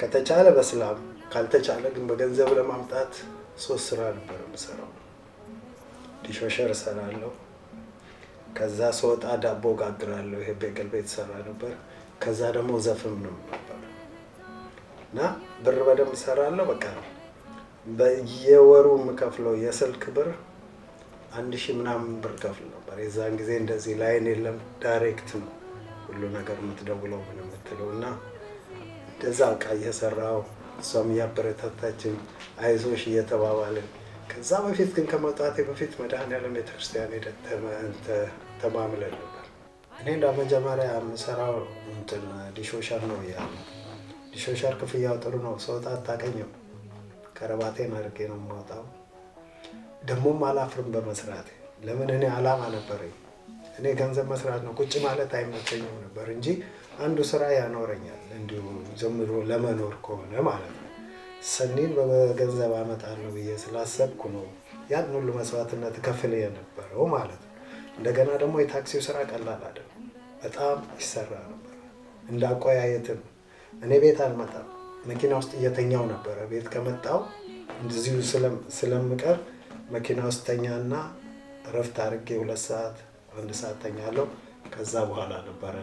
ከተቻለ በስላም ካልተቻለ ግን በገንዘብ ለማምጣት ሶስት ስራ ነበር የምሰራው። ዲሾሸር እሰራለሁ። ከዛ ስወጣ ዳቦ ጋግራለሁ። ይሄ ቤቅል ቤት ሰራ ነበር። ከዛ ደግሞ ዘፍም ነው ነበር እና ብር በደንብ እሰራለሁ። በቃ በየወሩ የምከፍለው የስልክ ብር አንድ ሺህ ምናምን ብር ከፍል ነበር። የዛን ጊዜ እንደዚህ ላይን የለም፣ ዳይሬክት ነው ሁሉ ነገር የምትደውለው ምን የምትለው እና እንደዛ በቃ እየሰራው እሷም እያበረታታችን አይዞሽ እየተባባልን ከዛ በፊት ግን ከመውጣቴ በፊት መድኃኔዓለም ቤተክርስቲያን ሄደን ተማምለን ነበር። እኔ እንዳ መጀመሪያ የምሰራው እንትን ዲሾሻር ነው እያሉ ዲሾሻር ክፍያው ጥሩ ነው። ሰውጣ አታገኘም። ከረባቴን አድርጌ ነው የማወጣው። ደግሞም አላፍርም በመስራቴ ለምን እኔ አላማ ነበረኝ እኔ ገንዘብ መስራት ነው ቁጭ ማለት አይመቸኝም ነበር እንጂ አንዱ ስራ ያኖረኛል እንዲሁ ዝም ብሎ ለመኖር ከሆነ ማለት ነው። ሰኒን በገንዘብ አመጣለሁ ብዬ ስላሰብኩ ነው ያን ሁሉ መስዋዕትነት ከፍል የነበረው ማለት ነው። እንደገና ደግሞ የታክሲው ስራ ቀላል አይደለም፣ በጣም ይሰራ ነበር። እንዳቆያየትም እኔ ቤት አልመጣም፣ መኪና ውስጥ እየተኛው ነበረ። ቤት ከመጣው እንደዚሁ ስለምቀር መኪና ውስጥ ተኛና እረፍት አድርጌ ሁለት ሰዓት አንድ ሰዓት ተኛለሁ። ከዛ በኋላ ነበረ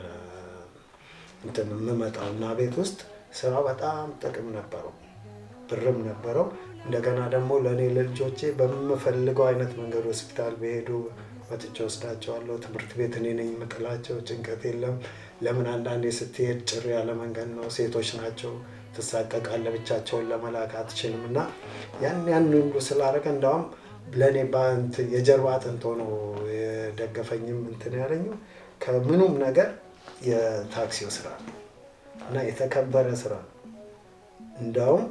እንትን የምመጣው እና ቤት ውስጥ ስራ በጣም ጥቅም ነበረው፣ ብርም ነበረው። እንደገና ደግሞ ለእኔ ለልጆቼ በምፈልገው አይነት መንገድ ሆስፒታል በሄዱ መጥቼ ወስዳቸዋለሁ። ትምህርት ቤት እኔ ነኝ የምጥላቸው፣ ጭንቀት የለም። ለምን አንዳንዴ ስትሄድ ጭር ያለ መንገድ ነው፣ ሴቶች ናቸው፣ ትሳቀቃለ፣ ብቻቸውን ለመላክ አትችልም። እና ያን ያን ሁሉ ስላደረገ እንዳውም ለእኔ የጀርባ አጥንት ሆኖ ደገፈኝም እንትን ያለኝም ከምኑም ነገር የታክሲው ስራ ነው እና የተከበረ ስራ ነው። እንዳውም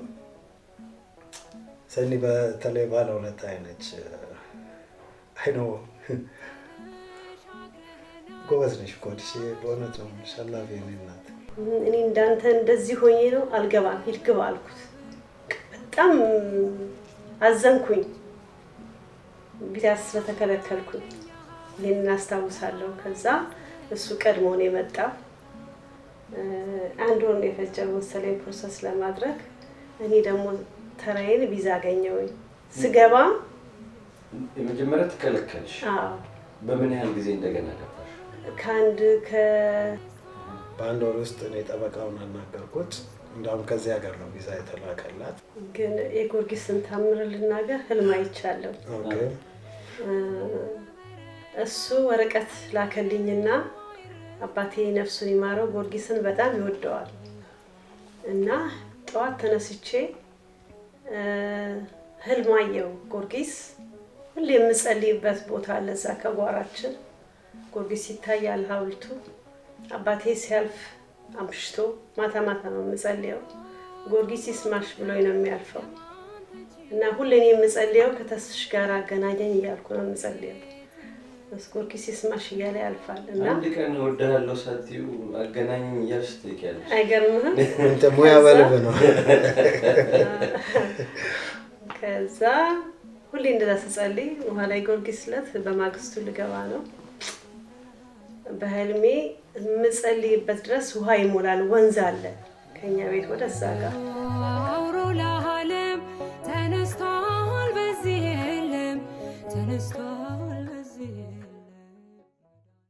ሰኒ በተለይ ባለ ሁለት አይነች አይኖ ጎበዝ ነሽ እኮ በእውነት ነው ሸላፊ ናት። እኔ እንዳንተ እንደዚህ ሆኜ ነው አልገባም፣ ሂድ አልኩት። በጣም አዘንኩኝ፣ ቢያስ ስለተከለከልኩኝ ይህን እናስታውሳለሁ። ከዛ እሱ ቀድሞን የመጣ አንድ ወር የፈጀ የፈጀው መሰለኝ ፕሮሰስ ለማድረግ። እኔ ደግሞ ተራዬን ቪዛ አገኘሁኝ። ስገባ የመጀመሪያ ትከለከልሽ። በምን ያህል ጊዜ እንደገና ገባሽ? ከአንድ ከ በአንድ ወር ውስጥ እኔ ጠበቃውን አናገርኩት። እንዳውም ከዚህ ሀገር ነው ቪዛ የተላከላት። ግን የጊዮርጊስን ታምር ልናገር ህልም አይቻለሁ እሱ ወረቀት ላከልኝና አባቴ ነፍሱን ይማረው ጊዮርጊስን በጣም ይወደዋል እና ጠዋት ተነስቼ ህልም ጎርጊስ ጊዮርጊስ ሁሌ የምጸልይበት ቦታ አለ እዛ ከጓራችን ጊዮርጊስ ይታያል ሐውልቱ። አባቴ ሲያልፍ አምሽቶ ማታ ማታ ነው የምጸልየው። ጊዮርጊስ ይስማሽ ብሎኝ ነው የሚያልፈው እና ሁሌ እኔ የምጸልየው ከተስሽ ጋር አገናኘኝ እያልኩ ነው የምጸልየው። እስኮርኪ ሲስማሽ እያለ ያልፋል እና አንድ ቀን እወድሃለሁ ሳትይው አገናኝም እያልሽ ትጠይቂያለሽ። አይገርምህም? ሙያ በልብ ነው። ከዛ ሁሌ እንደዛ ስጸልይ በኋላ ጊዮርጊስ ዕለት በማግስቱ ልገባ ነው። በህልሜ የምጸልይበት ድረስ ውሃ ይሞላል። ወንዝ አለ ከኛ ቤት ወደ እዛ ጋር